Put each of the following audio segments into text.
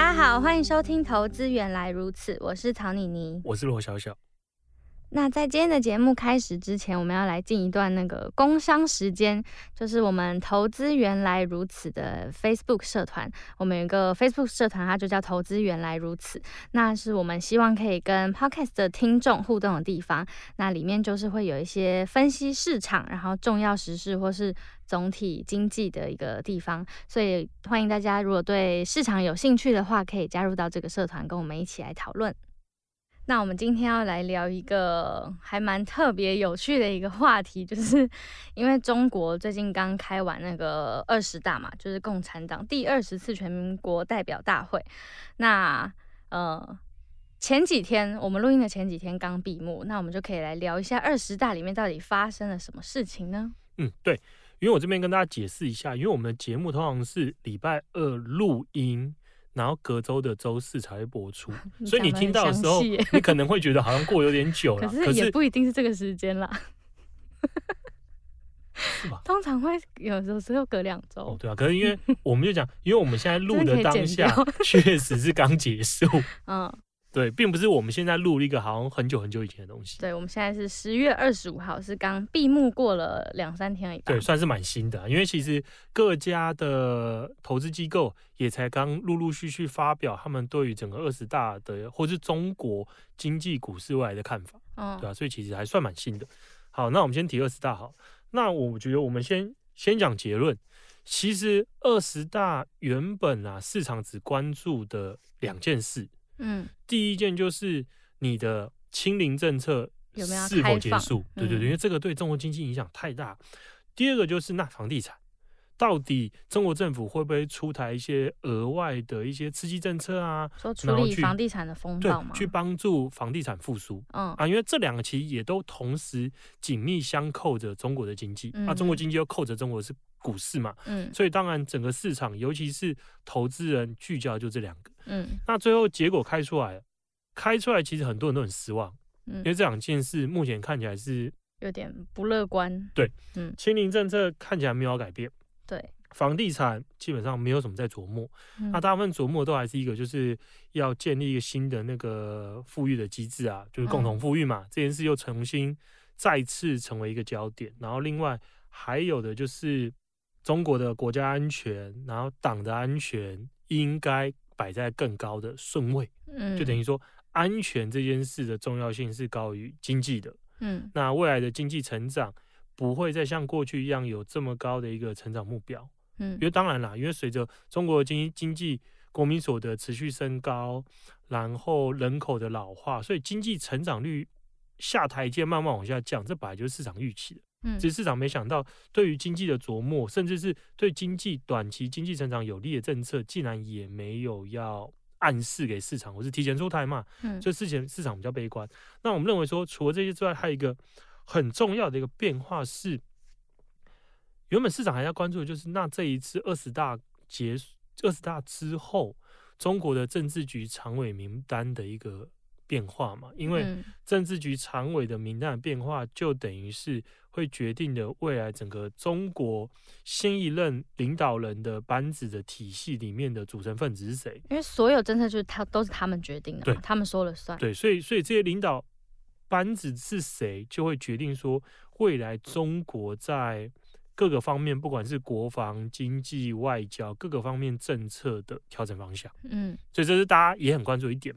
大家好，歡迎收聽《投資原來如此》，我是曹妮妮，我是羅小小。那在今天的節目開始之前，我們要來進一段那個工商時間，就是我們投資原來如此的 Facebook 社團。我們有一個 Facebook 社團，它就叫投資原來如此。那是我們希望可以跟 Podcast 的聽眾互動的地方。那裡面就是會有一些分析市場，然後重要時事或是總體經濟的一個地方。所以歡迎大家，如果對市場有興趣的話，可以加入到這個社團，跟我們一起來討論。那我們今天要來聊一個還蠻特別有趣的一個話題，就是因為中國最近剛開完那個二十大嘛，就是共產黨第二十次全國代表大會。那呃前幾天我們錄音的前幾天剛閉幕，那我們就可以來聊一下二十大裡面到底發生了什麼事情呢？嗯，對，因為我這邊跟大家解釋一下，因為我們的節目通常是禮拜二錄音。然後隔周的周四才會播出，所以你聽到的時候，你可能會覺得好像過了有點久了，可是也不一定是這個時間啦 是，是吧？通常會有時候只有隔兩周、哦，對啊。可是因為我們就講、嗯，因為我們現在錄的當下確實是剛結束， 嗯對，並不是我們現在錄一個好像很久很久以前的東西。對，我們現在是十月二十五號，是剛閉幕過了兩三天而已。對，算是蠻新的啊，因為其實各家的投資機構也才剛陸陸續續發表他們對於整個二十大的，或是中國經濟股市未來的看法。嗯，哦，對啊，所以其實還算蠻新的。好，那我們先提二十大好。那我覺得我們先先講結論。其實二十大原本啊，市場只關注的兩件事。嗯，第一件就是你的清零政策有沒有，是否結束有有、嗯？對對對，因為這個對中國經濟影響太大。第二個就是那房地產。到底中國政府會不會出台一些額外的一些刺激政策啊？說處理房地產的風對，嗎？去幫助房地產復甦？嗯、哦、啊，因為這兩個其實也都同時緊密相扣着中國的經濟、嗯、啊，中國經濟又扣着中國是股市嘛。嗯，所以當然整個市場，尤其是投資人聚焦就這兩個。嗯，那最後結果開出來了，開出來其實很多人都很失望，嗯、因為這兩件事目前看起來是有點不樂觀。對，嗯，清零政策看起來沒有要改變。對，房地產基本上沒有什麼在琢磨，嗯、那大部分琢磨都還是一個，就是要建立一個新的那個富裕的機製啊，就是共同富裕嘛、嗯，這件事又重新再次成為一個焦點。然後另外還有的就是中國的國家安全，然後黨的安全應該擺在更高的順位，嗯，就等於說安全這件事的重要性是高於經濟的，嗯，那未來的經濟成長。不會再像過去一樣有這麼高的一個成長目標，嗯，因為當然啦，因為隨着中國經濟經濟國民所得持續升高，然後人口的老化，所以經濟成長率下台階慢慢往下降，這本來就是市場預期的，嗯，只是市場沒想到，對於經濟的琢磨，甚至是對經濟短期經濟成長有利的政策，竟然也沒有要暗示給市場，我是提前出臺嘛，嗯，所以事前市場比較悲觀。那我們認為說，除了這些之外，還有一個。很重要的一個變化是，原本市場還在關注，就是那這一次二十大結束，二十大之後，中國的政治局常委名單的一個變化嘛？因為政治局常委的名單的變化，就等於是會決定的未來整個中國新一任領導人的班子的體系裡面的組成分子是誰？因為所有政策就是他都是他們決定的嘛，對，他們說了算。對，所以所以這些領導。班子是誰，就會決定說未來中國在各個方面，不管是國防、經濟、外交，各個方面政策的調整方向。嗯，所以這是大家也很關注一點。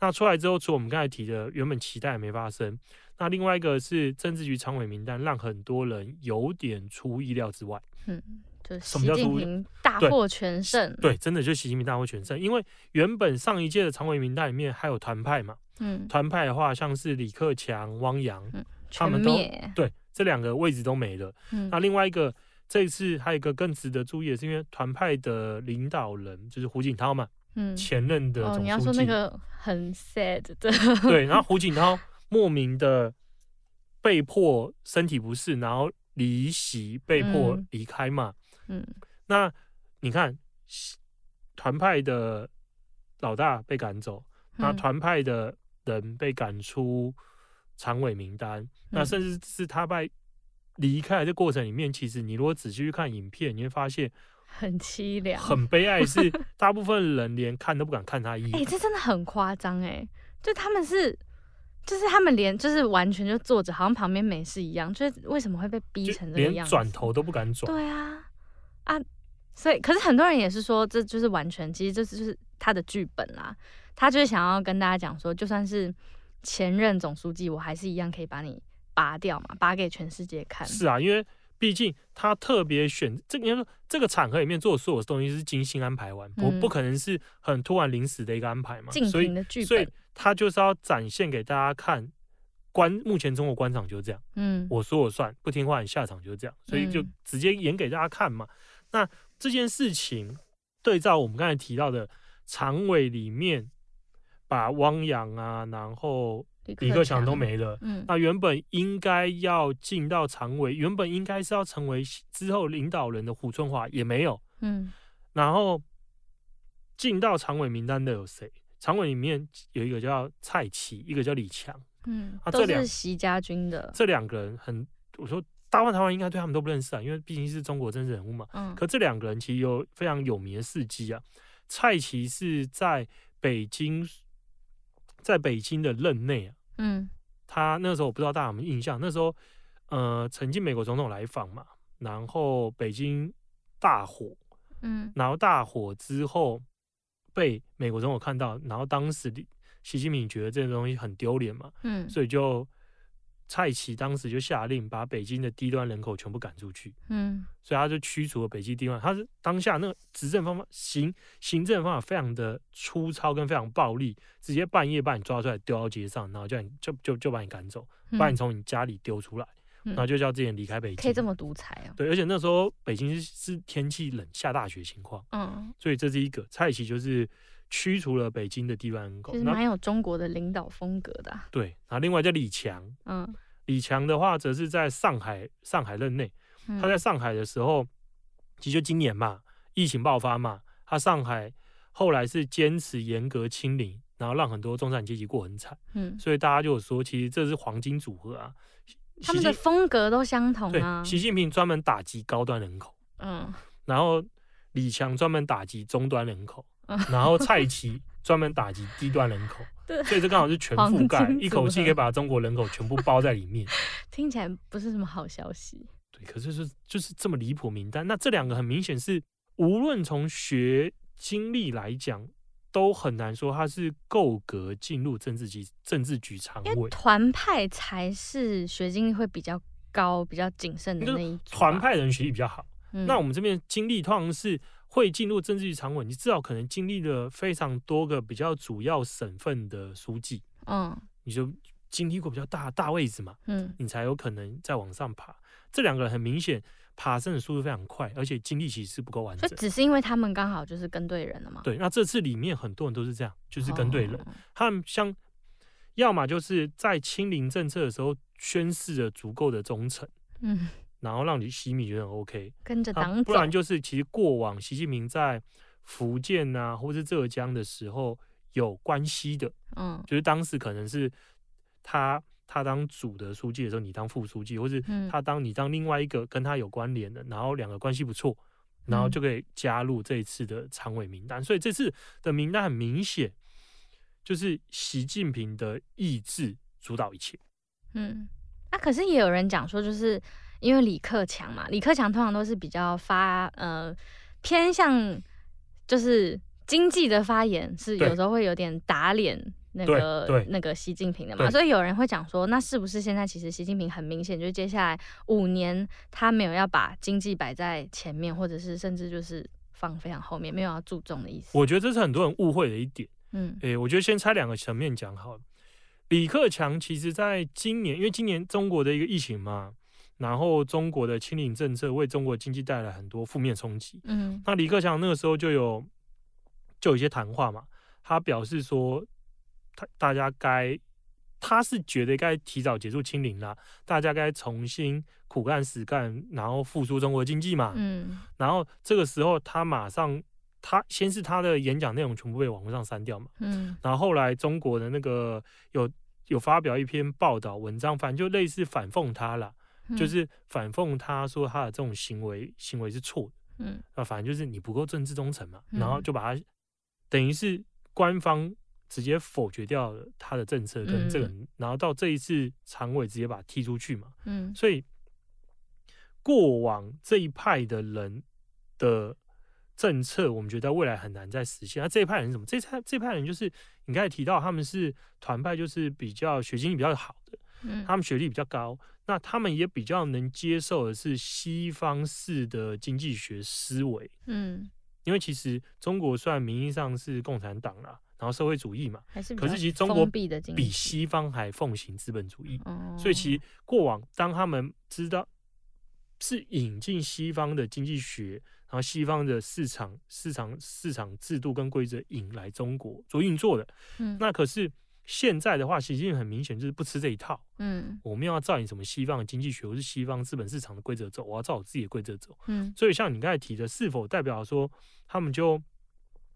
那出來之後，除了我們剛才提的原本期待沒發生，那另外一個是政治局常委名單，讓很多人有點出意料之外。嗯，就習近平大獲全勝對對，真的就習近平大獲全勝。嗯，因為原本上一屆的常委名單裡面還有團派嘛。嗯，團派的話，像是李克強、汪洋，嗯、他們都對這兩個位置都沒了。嗯，那另外一個，這次還有一個更值得注意的是，因為團派的領導人就是胡錦濤嘛，嗯，前任的總書記。哦、你要說那個很 sad 的， 對。然後胡錦濤莫名的被迫身體不適，然後離席，被迫離開嘛嗯。嗯，那你看，團派的老大被趕走，那、嗯、團派的。人被趕出常委名單，嗯、那甚至是他在離開的過程裡面，其實你如果仔細去看影片，你會發現很淒涼、很悲哀，是大部分人連看都不敢看他一眼、 欸。這真的很誇張誒。就他們是，就是他們連就是完全就坐着，好像旁邊沒事一樣。就是為什麼會被逼成這樣，連轉頭都不敢轉？對啊，啊，所以可是很多人也是說，這就是完全，其實這就是他的劇本啦。他就是想要跟大家講說，就算是前任總書記，我還是一樣可以把你拔掉嘛，拔給全世界看。是啊，因為畢竟他特別選這個，說這個場合裡面做的所有東西是精心安排完，不、嗯、不可能是很突然臨時的一個安排嘛的。所以，所以他就是要展現給大家看，官目前中國官場就是這樣，嗯，我說了算，不聽話，你下場就是這樣，所以就直接演給大家看嘛。嗯、那這件事情對照我們剛才提到的常委裡面。把汪洋啊，然後李克強都沒了、嗯。那原本應該要進到常委，原本應該是要成為之後領導人的胡春華也沒有、嗯。然後進到常委名單的有誰？常委裡面有一個叫蔡奇，一個叫李強。嗯、啊、這都是習家軍的。這兩個人很，我說大部台灣應該對他們都不認識啊，因為畢竟是中國政治人物嘛、嗯。可這兩個人其實有非常有名的事蹟啊。蔡奇是在北京，在北京的任內啊，嗯，他那時候我不知道大家有沒有印象，那時候，呃，曾經美國總統來訪嘛，然後北京大火，嗯，然後大火之後被美國總統看到，然後當時習近平覺得這個東西很丟臉嘛，嗯，所以就。蔡奇當時就下令把北京的低端人口全部趕出去，嗯，所以他就驅除了北京低端。他是當下那個執政方法行行政方法非常的粗糙跟非常暴力，直接半夜把你抓出來丟到街上，然後就就就，就把你趕走，嗯，把你從你家裡丟出來，嗯，然後就叫人離開北京。可以這麼獨裁，啊、對，而且那時候北京是，是天氣冷下大雪情況，嗯，所以這是一個蔡奇就是。驅除了北京的低端人口，其實蠻有中國的領導風格的、啊。對，然後另外叫李強，嗯，李強的話則是在上海，上海任內，他在上海的時候，嗯、其實就今年嘛，疫情爆發嘛，他上海後來是堅持嚴格清零，然後讓很多中產階級過很慘，嗯，所以大家就有說，其實這是黃金組合啊，他們的風格都相同啊。對，習近平專門打擊高端人口，嗯，然後李強專門打擊中端人口。 然後蔡奇專門打擊低端人口， 對，所以這剛好是全覆蓋，一口氣可以把中國人口全部包在裡面。 聽起來不是什麼好消息。對，可是、就是就是這麼離譜名單。那這兩個很明顯是，無論從學經歷來講，都很難說他是夠格進入政治局、政治局常委。團派才是學經歷會比較高、比較謹慎的那一群，團派人學歷比較好，嗯。那我們這邊經歷通常是。會進入政治局常委，你至少可能經歷了非常多個比較主要省份的書記，嗯，你就經歷過比較大大位置嘛，嗯，你才有可能再往上爬。這兩個人很明顯，爬升的速度非常快，而且經歷其實是不夠完整，只是因為他們剛好就是跟對人了嘛。對，那這次裡面很多人都是這樣，就是跟對人，哦，他們像要麼就是在清零政策的時候宣誓了足夠的忠誠，嗯。然後讓你習近平覺得很 OK，跟着黨走。不然就是其實過往習近平在福建啊，或者是浙江的時候有關係的，嗯，就是當時可能是他他當主的書記的時候，你當副書記，或是他當你當另外一個跟他有關聯的、嗯，然後兩個關係不錯，然後就可以加入這一次的常委名單。嗯、所以這次的名單很明顯就是習近平的意志主導一切。嗯，那、啊、可是也有人講說，就是。因為李克強嘛，李克強通常都是比較發呃偏向就是經濟的發言，是有時候會有點打臉那個那個習近平的嘛，所以有人會講說，那是不是現在其實習近平很明顯，就接下來五年他沒有要把經濟擺在前面，或者是甚至就是放非常後面，沒有要注重的意思。我覺得這是很多人誤會的一點。嗯，哎，欸，我覺得先拆兩個層面講好了。李克強其實在今年，因為今年中國的一個疫情嘛。然後中國的清零政策為中國經濟帶來很多負面衝擊。嗯，那李克強那個時候就有就有一些談話嘛，他表示說，他大家該他是覺得該提早結束清零啦，大家該重新苦幹實幹，然後復甦中國經濟嘛。嗯，然後這個時候他馬上他先是他的演講內容全部被網絡上刪掉嘛。嗯，然後後來中國的那個有有發表一篇報道文章，反正就類似反諷他啦。就是反諷他說他的這種行為行為是錯的，嗯，那反正就是你不夠政治忠誠嘛、嗯，然後就把他等於是官方直接否決掉了他的政策跟這個、嗯，然後到這一次常委直接把他踢出去嘛，嗯，所以過往這一派的人的政策，我們覺得未來很難再實現。那這一派人怎麼？這一派這一派人就是你剛才提到他們是團派，就是比較學經歷比較好的，嗯、他們學歷比較高。那他們也比較能接受的是西方式的經濟學思維，嗯，因為其實中國雖然名義上是共產黨啦，然後社會主義嘛，可是其實中國比西方還奉行資本主義，哦，所以其實過往當他們知道是引進西方的經濟學，然後西方的市場、市場、市場制度跟規則引來中國做運作的，嗯，那可是。現在的話，其實很明顯就是不吃這一套。嗯，我們要照你什麼西方的經濟學或是西方資本市場的規則走，我要照我自己的規則走。嗯，所以像你剛才提的，是否代表說他們就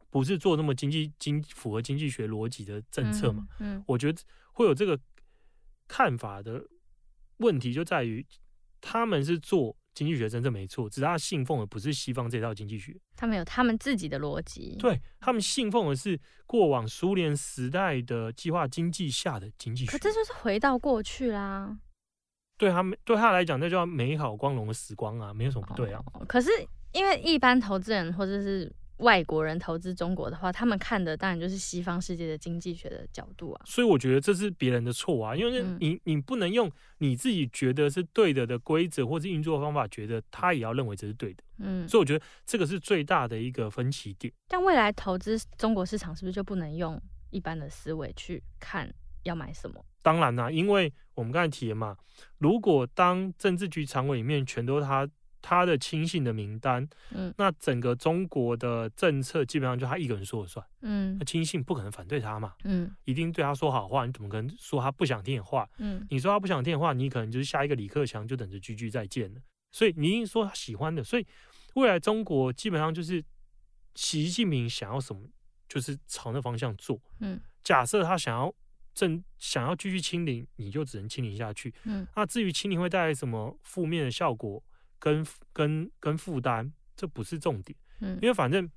不是做那麼經濟經符合經濟學邏輯的政策嘛？嗯，嗯，我覺得會有這個看法的問題就在於他們是做。經濟學真正沒錯，只是他信奉的不是西方這套經濟學，他們有他們自己的邏輯。對他們信奉的是過往蘇聯時代的計劃經濟下的經濟學，可這就是回到過去啦。對他們，對他來講，那叫美好光榮的時光啊，沒有什麼不對啊。可是因為一般投資人或者是，是。外國人投資中國的話，他們看的當然就是西方世界的經濟學的角度啊。所以我覺得這是別人的錯啊，因為你、嗯、你不能用你自己覺得是對的的規則或者運作方法，覺得他也要認為這是對的。嗯，所以我覺得這個是最大的一個分歧點。但未來投資中國市場是不是就不能用一般的思維去看要買什麼？當然啦、啊，因為我們剛才提了嘛，如果當政治局常委裡面全都他。他的親信的名單，嗯，那整個中國的政策基本上就他一個人說了算，嗯，那親信不可能反對他嘛，嗯，一定對他說好話，你怎麼可能說他不想聽的話，嗯，你說他不想聽的話，你可能就是下一個李克強，就等着 GG 再見了。所以你一定說他喜歡的，所以未來中國基本上就是習近平想要什麼，就是朝那方向做，嗯，假設他想要正，想要繼續清零，你就只能清零下去，嗯，那至於清零會帶來什麼負面的效果？跟跟跟負擔，這不是重點，嗯，因為反正、嗯、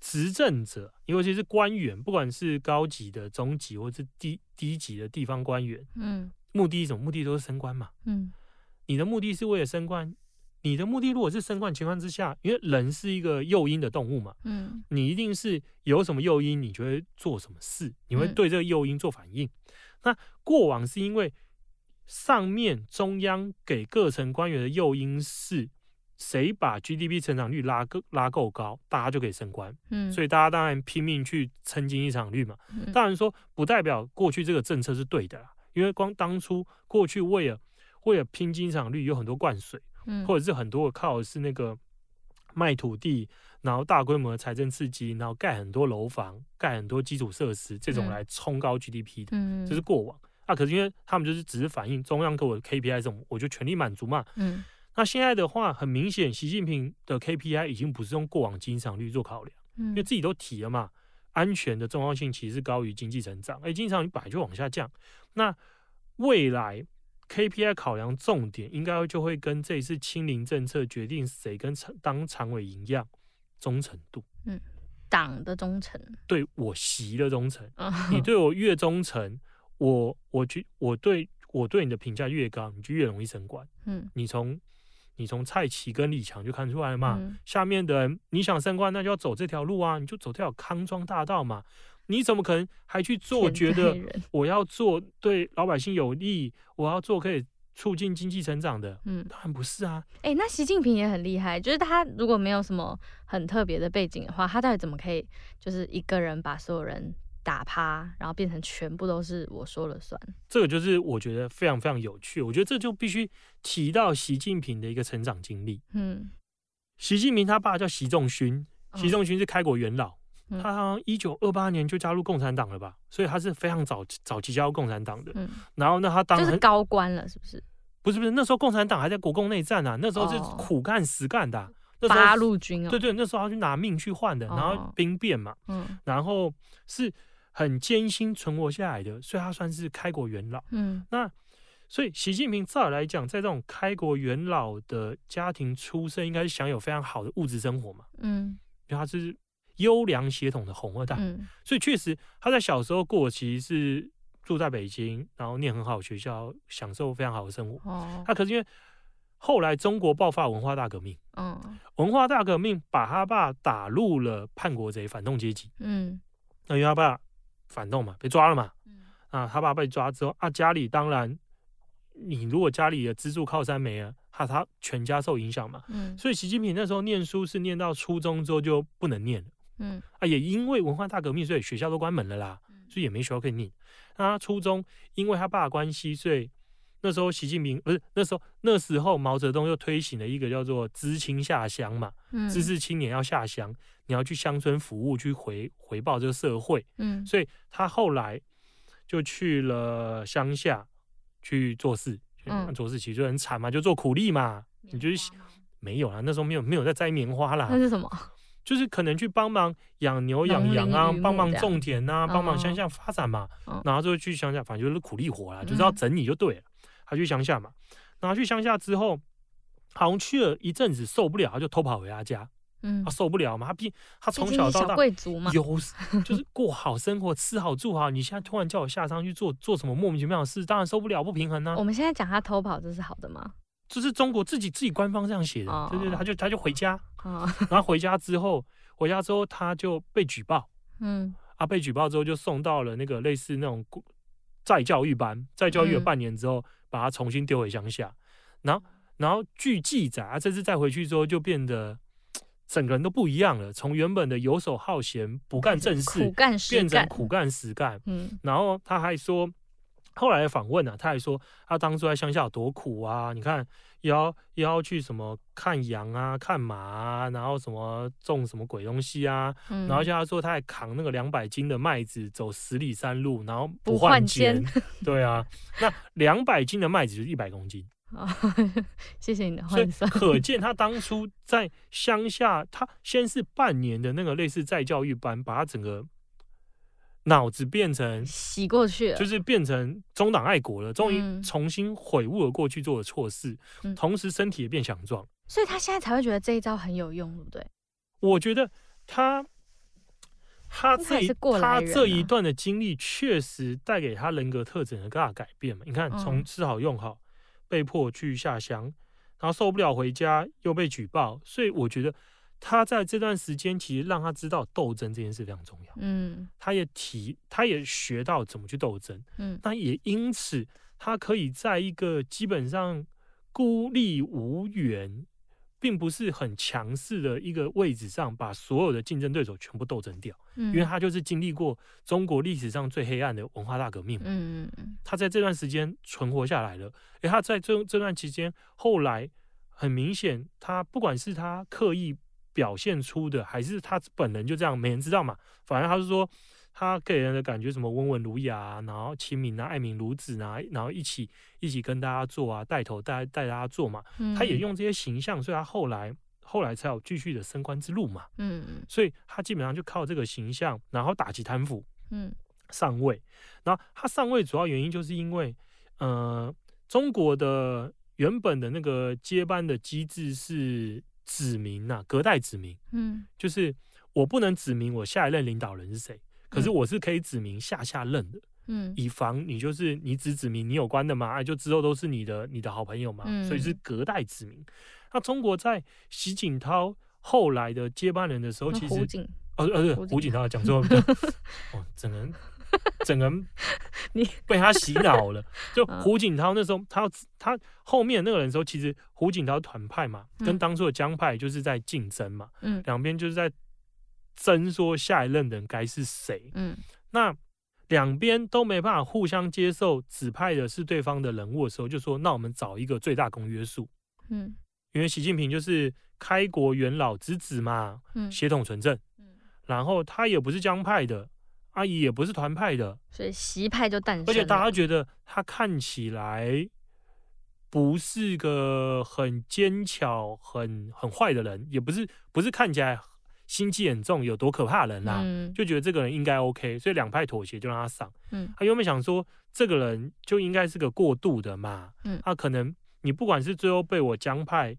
執政者，尤其是官員，不管是高級的、中級，或者是低低級的地方官員，嗯，目的什麼目的都是升官嘛，嗯，你的目的是為了升官，你的目的如果是升官情況之下，因為人是一個誘因的動物嘛，嗯，你一定是有什麼誘因，你就會做什麼事，你會對這個誘因做反應，嗯、那過往是因為。上面中央給各層官員的誘因是，誰把 GDP 成長率拉夠拉夠高，大家就可以升官。嗯，所以大家當然拼命去撐經濟成長率嘛、嗯。當然說，不代表過去這個政策是對的啦，因為光當初過去為了為了拼經濟成長率，有很多灌水、嗯，或者是很多靠的是那個賣土地，然後大規模的財政刺激，然後蓋很多樓房，蓋很多基礎設施，這種來衝高 GDP 的。嗯，這是過往。啊，可是因為他們就是只是反映中央給我的 KPI 這種，我就全力滿足嘛。嗯，那現在的話，很明顯，習近平的 KPI 已經不是用過往經常率做考量，嗯，因為自己都提了嘛，安全的重要性其實是高於經濟成長，哎、欸、經常本來就往下降。那未來 KPI 考量重點，應該就會跟這一次清零政策決定誰跟當常委一樣忠誠度，嗯，黨的忠誠，對我習的忠誠，oh. 你對我越忠誠。我我覺我對我對你的評價越高，你就越容易升官。嗯，你從你從蔡奇跟李強就看出來了嘛、嗯。下面的人你想升官，那就要走這條路啊，你就走這條康莊大道嘛。你怎麼可能還去做，我覺得我要做對老百姓有利，我要做可以促進經濟成長的？嗯，當然不是啊。誒、欸，那習近平也很厲害，就是他如果沒有什麼很特別的背景的話，他到底怎麼可以就是一個人把所有人？打趴，然後變成全部都是我說了算。這個就是我覺得非常非常有趣。我覺得這就必須提到習近平的一個成長經歷。嗯，習近平他爸叫習仲勳，習仲勳是開國元老。哦嗯、他好像一九二八年就加入共產黨了吧？所以他是非常早早期加入共產黨的。嗯、然後呢，他當就是高官了，是不是？不是不是，那時候共產黨還在國共內戰啊。那時候是苦幹實幹的、啊那時候。八路軍啊、哦。對對，那時候他去拿命去換的。然後兵變嘛。哦、嗯。然後是。很艱辛存活下來的，所以他算是開國元老。嗯，那所以習近平照理來講，在這種開國元老的家庭出身，應該享有非常好的物質生活嘛。嗯，因為他是優良血統的紅二代，嗯、所以確實他在小時候過其實是住在北京，然後念很好學校，享受非常好的生活。哦，那可是因為後來中國爆發文化大革命，嗯、哦，文化大革命把他爸打入了叛國賊、反動階級。嗯，那因為他爸。反動嘛，被抓了嘛，嗯，啊，他爸被抓之後，啊，家裡當然，你如果家裡的支柱靠山沒了，他、啊、他全家受影響嘛，嗯，所以習近平那時候念書是念到初中之後就不能念了，嗯，啊，也因為文化大革命，所以學校都關門了啦，嗯、所以也沒學校可以念，那他初中因為他爸關係，所以。那時候習近平不是、呃、那時候那時候毛澤東又推行了一個叫做知青下鄉嘛，知、嗯、識青年要下鄉，你要去鄉村服務去回回報這個社會、嗯，所以他後來就去了鄉下去做事，嗯、做事其實很慘嘛，就做苦力嘛，嗯、你就是沒有啦，那時候沒有沒有在摘棉花啦。那是什麼？就是可能去幫忙養牛養羊啊，幫忙種田啊，幫忙鄉下發展嘛，哦、然後就去鄉下，反正就是苦力活啦，嗯、就是要整你就對了。他去鄉下嘛，然後他去鄉下之後，好像去了一陣子受不了，他就偷跑回他家。嗯，他受不了嘛，他畢他從小到大貴族嘛，有就是過好生活，吃好住好。你現在突然叫我下山去做做什麼莫名其妙的事，當然受不了，不平衡呢、啊。我們現在講他偷跑這是好的嗎？這是中國自己自己官方這樣寫的，對對，他就他就回家，然後回家之後，回家之後他就被舉報。嗯，啊，被舉報之後就送到了那個類似那種再教育班，再教育了半年之後。把他重新丟回鄉下，然後，然後據記載啊，這次再回去之後，就變得整個人都不一樣了，從原本的遊手好閒、不幹正事、苦幹實幹，變成苦幹實幹。嗯，然後他還說。後來訪問了、啊，他還說他當初在鄉下有多苦啊！你看，要要去什麼看羊啊、看馬啊，然後什麼種什麼鬼東西啊，嗯、然後叫他說他還扛那個兩百斤的麥子走十里山路，然後不換肩不換。對啊，那兩百斤的麥子就是一百公斤。謝謝你的換算。所以可見他當初在鄉下，他先是半年的那個類似再教育班，把他整個。腦子變成洗過去了，就是變成忠黨愛國了，終於重新悔悟了過去做的錯事，嗯，同時身體也變強壯，嗯，所以他現在才會覺得這一招很有用，對不對？我覺得他，他這一他，過，啊、他這一段的經歷確實帶給他人格特徵的大改變嘛。你看，從吃好用好，嗯，被迫去下鄉，然後受不了回家又被舉報，所以我覺得。他在這段時間，其實讓他知道鬥爭這件事非常重要。嗯，他也提，他也學到怎麼去鬥爭。嗯，但也因此，他可以在一個基本上孤立無援，並不是很強勢的一個位置上，把所有的競爭對手全部鬥爭掉。嗯，因為他就是經歷過中國歷史上最黑暗的文化大革命。嗯嗯嗯，他在這段時間存活下來了。而他在這這段期間，後來很明顯，他不管是他刻意。表現出的還是他本人就這樣，沒人知道嘛。反正他是說，他給人的感覺什麼溫文儒雅啊，然後親民啊，愛民如子啊，然後一起一起跟大家做啊，帶頭帶帶大家做嘛。嗯，他也用這些形象，所以他後來後來才有繼續的升官之路嘛。嗯，所以他基本上就靠這個形象，然後打擊貪腐，嗯，上位。然後他上位主要原因就是因為，呃，中國的原本的那個接班的機制是。指名吶、啊，隔代指名，嗯，就是我不能指明我下一任領導人是誰、嗯，可是我是可以指明下下任的，嗯，以防你就是你指指明你有關的嘛，就之後都是你的，你的好朋友嘛、嗯，所以是隔代指名。那中國在習錦濤後來的接班人的時候，其實，哦哦，胡錦濤講錯，哦，只、哦、能。 整個你被他洗腦了。就胡錦濤那時候，他他後面那個人說，其實胡錦濤團派嘛，跟當初的江派就是在競爭嘛。兩邊就是在爭說下一任的人該是誰。那兩邊都沒辦法互相接受指派的是對方的人物的時候，就說那我們找一個最大公約數。嗯，因為習近平就是開國元老之子嘛。嗯，血統純正。嗯，然後他也不是江派的。阿、啊、姨也不是團派的，所以習派就誕生。而且大家覺得他看起來不是個很奸巧、很很壞的人，也不是不是看起來心機很重、有多可怕人啦，嗯，就覺得這個人應該 OK，所以兩派妥協，就讓他上。嗯，他原本想說這個人就應該是個過渡的嘛，嗯，他可能你不管是最後被我江派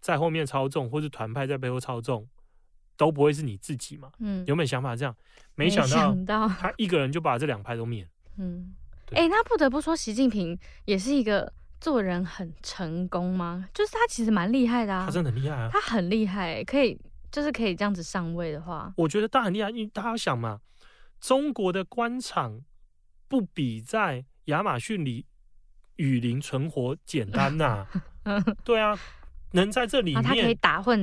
在後面操縱，或是團派在背後操縱。都不會是你自己嘛？嗯，有沒有想法這樣，沒想到他一個人就把這兩派都滅。嗯，誒、欸，那不得不說，習近平也是一個做人很成功嗎？就是他其實蠻厲害的啊。他真的很厲害啊。他很厲害，可以就是可以這樣子上位的話，我覺得他很厲害，因為他要想嘛，中國的官場不比在亞馬遜裡雨林存活簡單吶、啊。 對啊，能在這裡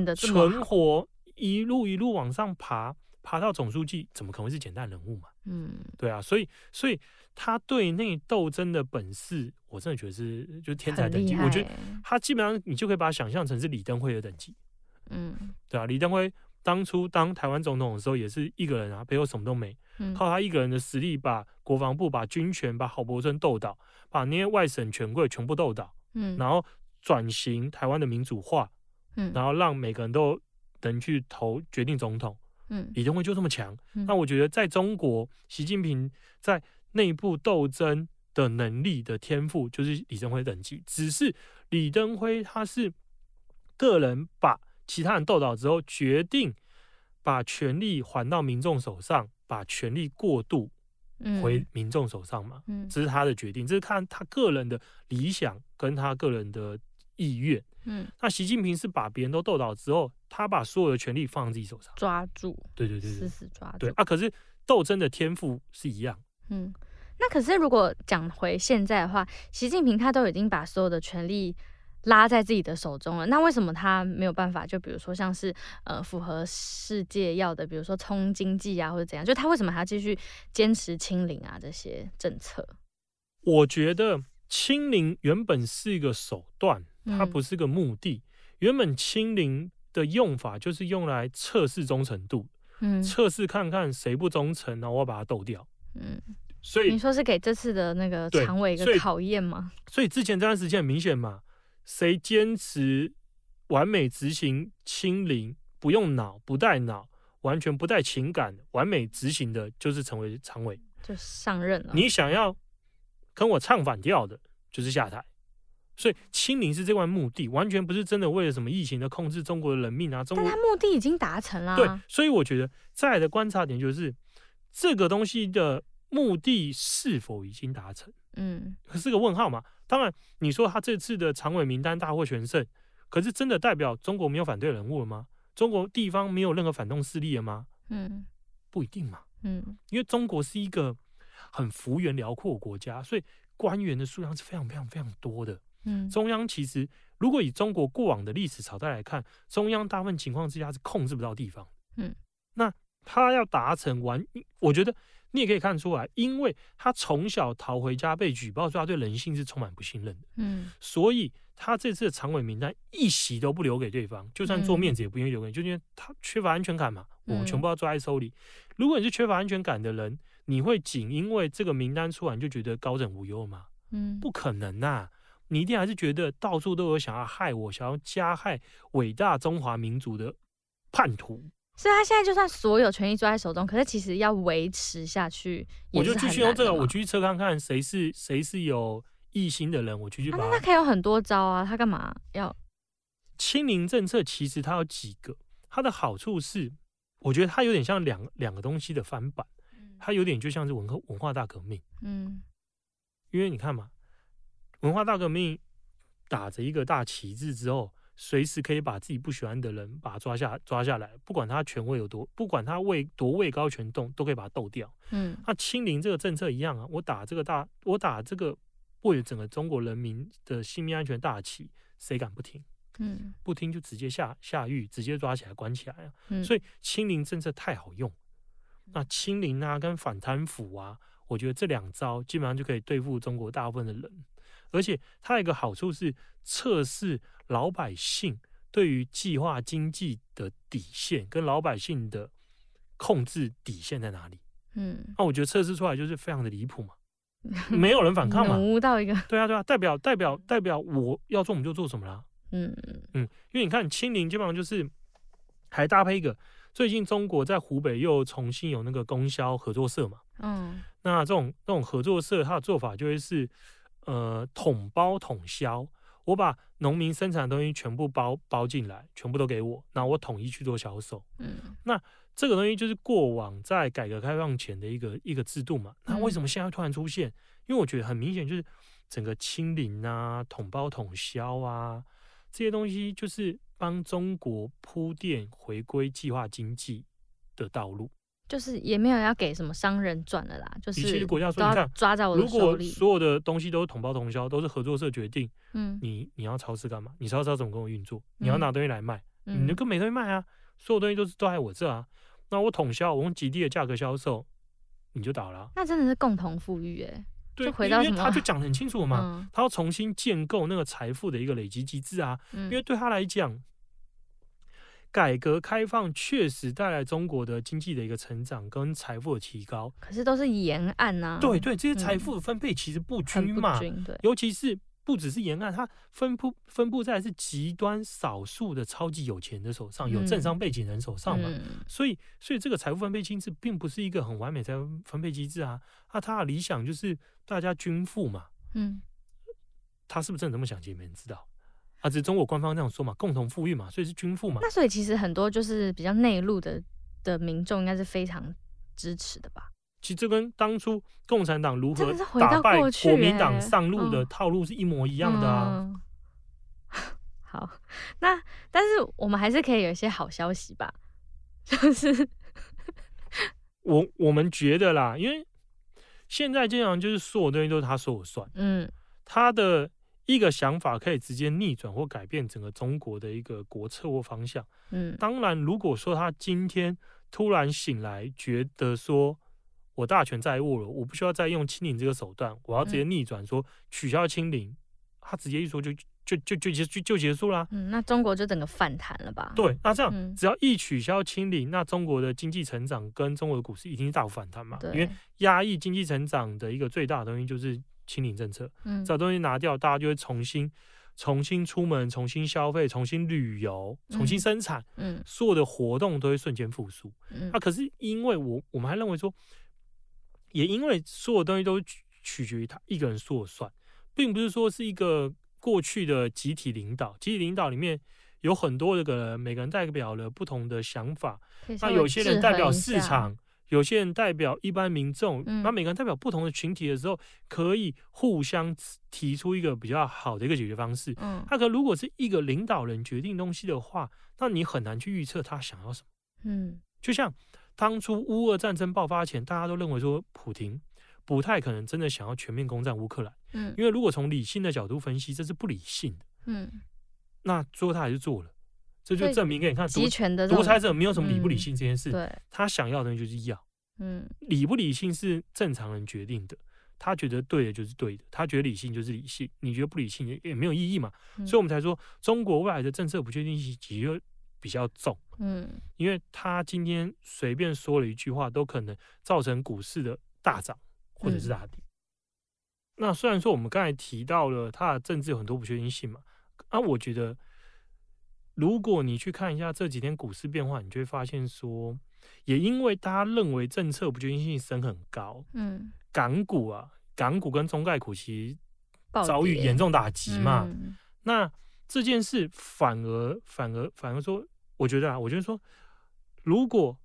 面，存活、啊。一路一路往上爬，爬到總書記，怎麼可能是簡單人物嘛？嗯，對啊，所以所以他對內鬥爭的本事，我真的覺得是就是天才的等級、欸。我覺得他基本上你就可以把他想象成是李登輝的等級。嗯，對啊，李登輝當初當台灣總統的時候，也是一個人啊，背後什麼都沒，嗯、靠他一個人的實力，把國防部、把軍權、把郝柏村鬥倒，把那些外省權貴全部鬥倒。嗯，然後轉型台灣的民主化，嗯，然後讓每個人都。等於去投決定總統，嗯，李登輝就這麼強。那、嗯、我覺得在中國，習近平在內部鬥爭的能力的天賦就是李登輝等級。只是李登輝他是個人把其他人鬥倒之後，決定把權力還到民眾手上，把權力過渡回民眾手上嘛嗯。嗯，這是他的決定，這是看他個人的理想跟他個人的意願。嗯，那習近平是把別人都鬥倒之後，他把所有的權力放在自己手上，抓住，對對對,對，死死抓住。對啊，可是鬥爭的天賦是一樣。嗯，那可是如果講回現在的話，習近平他都已經把所有的權力拉在自己的手中了，那為什麼他沒有辦法？就比如說像是呃符合世界要的，比如說衝經濟啊或者怎樣，就他為什麼還要繼續堅持清零啊這些政策？我覺得清零原本是一個手段。它不是個目的，嗯，原本清零的用法就是用來測試忠誠度，嗯，測試看看誰不忠誠，然後我要把它鬥掉，嗯，所以你說是給這次的那個常委一個考驗嗎？所，所以之前這段時間很明顯嘛，誰堅持完美執行清零，不用腦，不帶腦，完全不帶情感，完美執行的就是成為常委，就上任了。你想要跟我唱反調的，就是下台。所以清零是這塊目的，完全不是真的為了什麼疫情的控制、中國的人命啊。中國，但他目的已經達成了、啊。對，所以我覺得再來的觀察點就是這個東西的目的是否已經達成？嗯，可是個問號嘛。當然，你說他這次的常委名單大獲全勝，可是真的代表中國沒有反對人物了嗎？中國地方沒有任何反動勢力了嗎？嗯，不一定嘛。嗯，因為中國是一個很幅員遼闊國家，所以官員的數量是非常非常非常多的。中央其實如果以中國過往的歷史朝代來看，中央大部分情況之下是控制不到地方，嗯。那他要達成完，我覺得你也可以看出來，因為他從小逃回家被舉報，說他對人性是充滿不信任的，嗯。所以他這次的常委名單一席都不留給對方，就算做面子也不願意留給，就因為他缺乏安全感嘛。嗯，我們全部要抓在手裡，嗯。如果你是缺乏安全感的人，你會僅因為這個名單出來你就覺得高枕無憂嗎？嗯，不可能吶，啊。你一定還是覺得到處都有想要害我、想要加害偉大中華民族的叛徒。所以，他現在就算所有權益抓在手中，可是其實要維持下去，我就繼續用這個，我繼續測看看誰是誰是有異心的人，我去去。那他可以有很多招啊！他幹嘛要清零政策？其實它有幾個，它的好處是，我覺得它有點像兩兩個東西的翻版，它有點就像是文科文化大革命。嗯，因為你看嘛。文化大革命打着一個大旗幟之後，隨時可以把自己不喜歡的人把他抓下抓下來，不管他權位有多，不管他位多位高權重，都可以把他鬥掉。嗯，那清零這個政策一樣啊，我打這個大，我打這個為了整個中國人民的性命安全大旗，誰敢不聽？嗯，不聽就直接下下獄，直接抓起來關起來啊。嗯，所以清零政策太好用，那清零啊跟反貪腐啊，我覺得這兩招基本上就可以對付中國大部分的人。而且它有一個好處是測試老百姓對於計劃經濟的底線，跟老百姓的控制底線在哪裡？嗯,那我覺得測試出來就是非常的離譜嘛，沒有人反抗嘛，到一個，對啊對啊，代表代表代表我要做我們就做什麼啦，嗯嗯，因為你看清零基本上就是還搭配一個最近中國在湖北又重新有那個供銷合作社嘛，嗯，那這種這種合作社它的做法就會是。呃，統包統銷，我把農民生產的東西全部包包進來，全部都給我，那我統一去做銷售。嗯，那這個東西就是過往在改革開放前的一個一個制度嘛。那為什麼現在突然出現？嗯、因為我覺得很明顯，就是整個清零啊、統包統銷啊這些東西，就是幫中國鋪墊回歸計劃經濟的道路。就是也沒有要給什麼商人賺了啦，就是在的其實國家說，你看抓在我的手裡，如果所有的東西都是統包統銷，都是合作社決定，嗯，你你要超市幹嘛？你超市要怎麼跟我運作，嗯？你要拿東西來賣，嗯、你就跟沒東西賣啊！所有東西都是都在我這啊，那我統銷，我用極低的價格銷售，你就倒了、啊。那真的是共同富裕誒、欸。就回到因為他就講得很清楚嘛，嗯，他要重新建構那個財富的一個累積機制啊，嗯，因為對他來講。改革開放確實帶來中國的經濟的一個成長跟財富的提高，可是都是沿岸吶、啊。對，對對，這些財富分配其實不均嘛，嗯、均尤其是不只是沿岸，它分布分布在是極端少數的超級有錢的手上，嗯、有政商背景人手上嘛，嗯、所以所以這個財富分配機制並不是一個很完美的分配機制啊，啊，他的理想就是大家均富嘛，嗯，他是不是真的這麼想？也沒人知道。啊，只是中國官方這樣說嘛，共同富裕嘛，所以是均富嘛。那所以其實很多就是比較內陸的的民眾，應該是非常支持的吧。其實這跟當初共產黨如何打敗國民黨上路的套路是一模一樣的啊。欸哦嗯、好，那但是我們還是可以有一些好消息吧，就 是我我們覺得啦，因為現在經常就是所有東西都是他說了算，嗯，他的。一個想法可以直接逆轉或改變整個中國的一個國策或方向。嗯，當然，如果說他今天突然醒來，覺得說我大權在握了，我不需要再用清零這個手段，我要直接逆轉，說取消清零，他直接一說就就就就就就就就結束啦、啊。嗯，那中國就整個反彈了吧？對，那這樣只要一取消清零，那中國的經濟成長跟中國的股市一定大幅反彈嘛？對，因為壓抑經濟成長的一個最大的東西就是。清零政策，嗯，這東西拿掉、嗯，大家就會重新、重新出門、重新消費、重新旅遊、重新生產，嗯，嗯，所有的活動都會瞬間復甦。那、嗯啊、可是因為我我們還認為說，也因為所有的東西都取決於他一個人說了算，並不是說是一個過去的集體領導，集體領導裡面有很多的個每個人代表了不同的想法，那有些人代表市場。有些人代表一般民眾，那每個人代表不同的群體的時候，嗯，可以互相提出一個比較好的一個解決方式。嗯，他可如果是一個領導人決定東西的話，那你很難去預測他想要什麼。嗯，就像當初烏俄戰爭爆發前，大家都認為說普京不太可能真的想要全面攻占烏克蘭。嗯，因為如果從理性的角度分析，這是不理性的。嗯，那做他還是做了。這就，就證明給你看，極權的獨裁者沒有什麼理不理性這件事，嗯，他想要的就是要，嗯，理不理性是正常人決定的，他覺得對的就是對的，他覺得理性就是理性，你覺得不理性也沒有意義嘛，嗯，所以我們才說中國未來的政策不確定性其實就比較重，嗯，因為他今天隨便說了一句話，都可能造成股市的大漲或者是大跌。嗯。那雖然說我們剛才提到了他的政治有很多不確定性嘛，啊，那我覺得。如果你去看一下這幾天股市變化，你就會發現說，也因為大家認為政策不確定性升很高，嗯，港股啊，港股跟中概股其實遭遇嚴重打擊嘛，嗯。那這件事反而反而反而說，我覺得啊，我覺得說，如果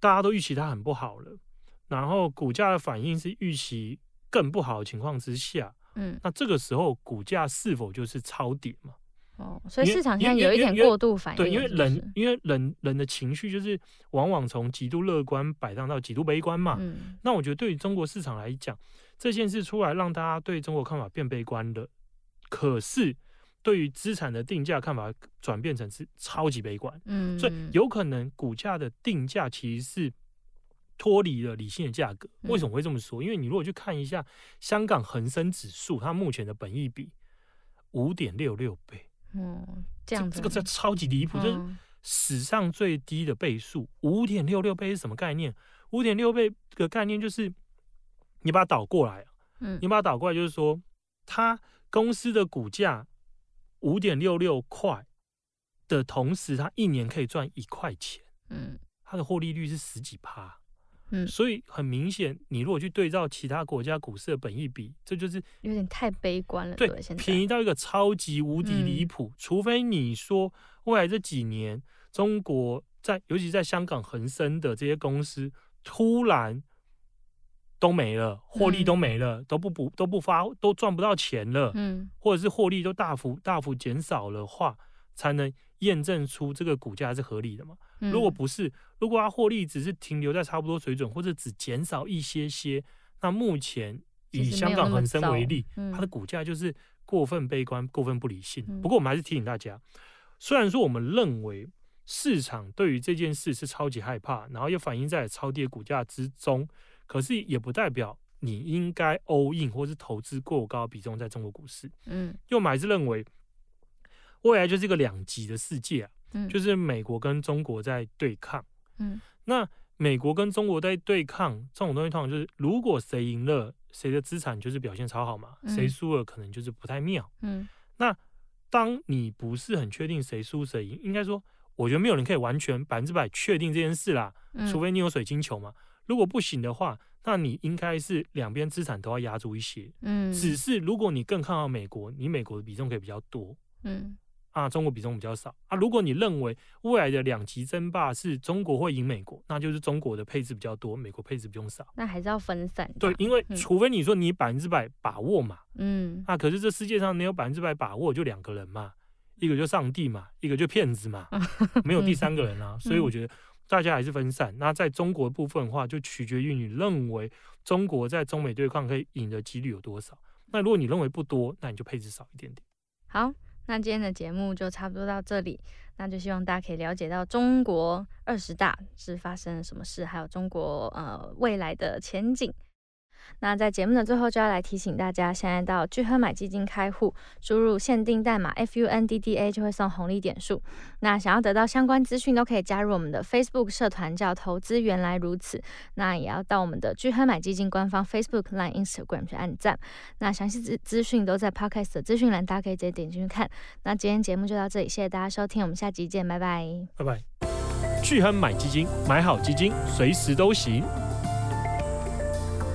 大家都預期它很不好了，然後股價的反應是預期更不好的情況之下，嗯，那這個時候股價是否就是超跌嘛？哦、oh,，所以市場現在有一點過度反應，對，因為人因為人人的情緒就是往往從極度樂觀擺盪到極度悲觀嘛、嗯。那我覺得對於中國市場來講，這件事出來讓大家對中國看法變悲觀了，可是對於資產的定價看法轉變成是超級悲觀。嗯，所以有可能股價的定價其實是脫離了理性的價格、嗯。為什麼會這麼說？因為你如果去看一下香港恆生指數，它目前的本益比五點六六倍。哦，這樣子這，這個真的超級離譜，這、哦就是史上最低的倍數，五點六六倍是什麼概念？五點六倍的概念就是你把它倒過來，嗯，你把它倒過來就是說，它公司的股價五點六六塊的同時，它一年可以賺一塊錢，嗯，它的獲利率是十幾趴。嗯，所以很明顯，你如果去對照其他國家股市的本益比，這就是有點太悲觀了。對，便宜到一個超級無敵離譜，除非你說未來這幾年中國在，尤其在香港恆生的這些公司突然都沒了，獲利都沒了，嗯、都不補都不發，都賺不到錢了，嗯，或者是獲利都大幅大幅減少的話，才能。驗證出這個股價是合理的嘛、嗯？如果不是，如果它獲利只是停留在差不多水準，或者只減少一些些，那目前以香港恆生為例，嗯、它的股價就是過分悲觀、過分不理性。嗯、不過我們還是提醒大家，嗯、雖然說我們認為市場對於這件事是超級害怕，然後又反映在超低股價之中，可是也不代表你應該 all in 或是投資過高比重在中國股市。嗯，就我們還是認為。未來就是一個兩極的世界啊，嗯、就是美國跟中國在對抗，嗯、那美國跟中國在對抗這種東西，通常就是如果誰贏了，誰的資產就是表現超好嘛，嗯、誰輸了可能就是不太妙。嗯，那當你不是很確定誰輸誰贏，應該說，我覺得沒有人可以完全百分之百確定這件事啦，嗯、除非你有水晶球嘛，如果不行的話，那你應該是兩邊資產都要壓住一些。嗯，只是如果你更看好美國，你美國的比重可以比較多，嗯那、啊、中國比重比較少啊。如果你認為未來的兩極爭霸是中國會贏美國，那就是中國的配置比較多，美國配置不用少。那還是要分散、啊。對，因為除非你說你百分之百把握嘛，嗯，啊，可是這世界上你有百分之百把握就兩個人嘛，一個就上帝嘛，一個就騙子嘛，沒有第三個人啊、 嗯。所以我覺得大家還是分散。嗯、那在中國的部分的話，就取決於你認為中國在中美對抗可以贏的幾率有多少。那如果你認為不多，那你就配置少一點點。好。那今天的節目就差不多到這裡，那就希望大家可以了解到中國二十大是發生了什麼事，還有中國呃未來的前景。那在節目的最後就要來提醒大家，現在到鉅亨買基金開戶，輸入限定代碼 FUNDDA 就會送紅利點數。那想要得到相關資訊，都可以加入我們的 Facebook 社團，叫投資原來如此。那也要到我們的鉅亨買基金官方 Facebook、Line、Instagram 去按讚。那詳細資資訊都在 Podcast 的資訊欄，大家可以直接點進去看。那今天節目就到這裡，謝謝大家收聽，我們下集見，拜拜。拜拜。鉅亨買基金，買好基金，隨時都行。